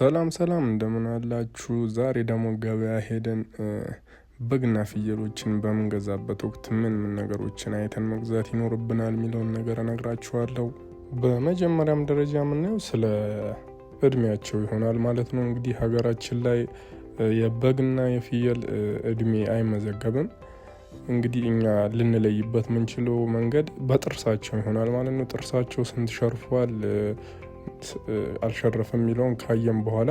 ሰላም ሰላም እንደምን አላችሁ? ዛሬ ደግሞ ገበያ ሄደን በግና ፍየሎችን በምንገዛበት ወቅት ምን ምን ነገሮችን አይተን መግዛት ይኖርብናል የሚለውን ነገር እነግራችኋለሁ። በመጀመሪያም ደረጃ የምናየው ስለ እድሜያቸው ይሆናል ማለት ነው። እንግዲህ ሀገራችን ላይ የበግና የፍየል እድሜ አይመዘገብም። እንግዲህ እኛ ልንለይበት የምንችለው መንገድ በጥርሳቸው ይሆናል ማለት ነው። ጥርሳቸው ስንት ሸርፏል አልሸረፈም የሚለውን ካየም በኋላ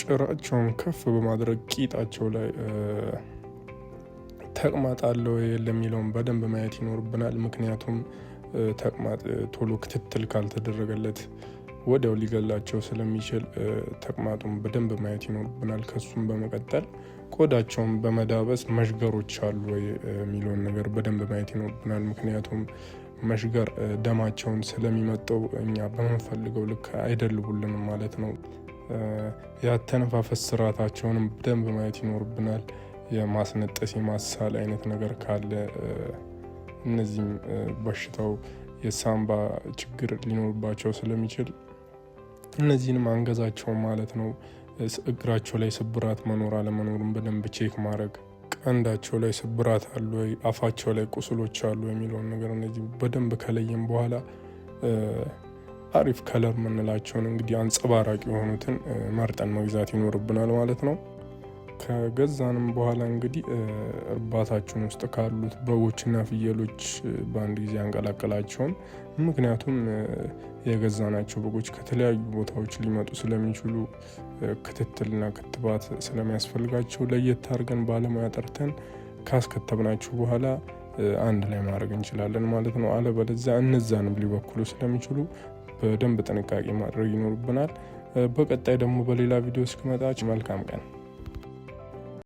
ጭራቸውን ከፍ በማድረግ ቂጣቸው ላይ ተቅማጥ አለው የለ የሚለውን በደንብ ማየት ይኖርብናል። ምክንያቱም ተቅማጥ ቶሎ ክትትል ካልተደረገለት ወዲያው ሊገላቸው ስለሚችል ተቅማጡን በደንብ ማየት ይኖርብናል። ከሱም በመቀጠል ቆዳቸውን በመዳበስ መዥገሮች አሉ ወይ የሚለውን ነገር በደንብ ማየት ይኖርብናል። ምክንያቱም መሽገር ደማቸውን ስለሚመጠው እኛ በምንፈልገው ልክ አይደልቡልንም ማለት ነው። ያተነፋፈስ ስርዓታቸውንም በደንብ ማየት ይኖርብናል። የማስነጠስ የማሳል አይነት ነገር ካለ እነዚህም በሽታው የሳምባ ችግር ሊኖርባቸው ስለሚችል እነዚህንም አንገዛቸው ማለት ነው። እግራቸው ላይ ስብራት መኖር አለመኖርም በደንብ ቼክ ማድረግ ቀንዳቸው ላይ ስብራት አሉ ወይ፣ አፋቸው ላይ ቁስሎች አሉ የሚለውን ነገር እነዚህ በደንብ ከለየም በኋላ አሪፍ ከለር የምንላቸውን እንግዲህ አንጸባራቂ የሆኑትን መርጠን መግዛት ይኖርብናል ማለት ነው። ከገዛንም በኋላ እንግዲህ እርባታችን ውስጥ ካሉት በጎችና ፍየሎች በአንድ ጊዜ አንቀላቀላቸውን። ምክንያቱም የገዛናቸው በጎች ከተለያዩ ቦታዎች ሊመጡ ስለሚችሉ ክትትልና ክትባት ስለሚያስፈልጋቸው ለየት አድርገን ባለሙያ ጠርተን ካስከተብናቸው በኋላ አንድ ላይ ማድረግ እንችላለን ማለት ነው። አለበለዚያ እነዛንም ሊበክሉ ስለሚችሉ በደንብ ጥንቃቄ ማድረግ ይኖርብናል። በቀጣይ ደግሞ በሌላ ቪዲዮ እስክመጣች መልካም ቀን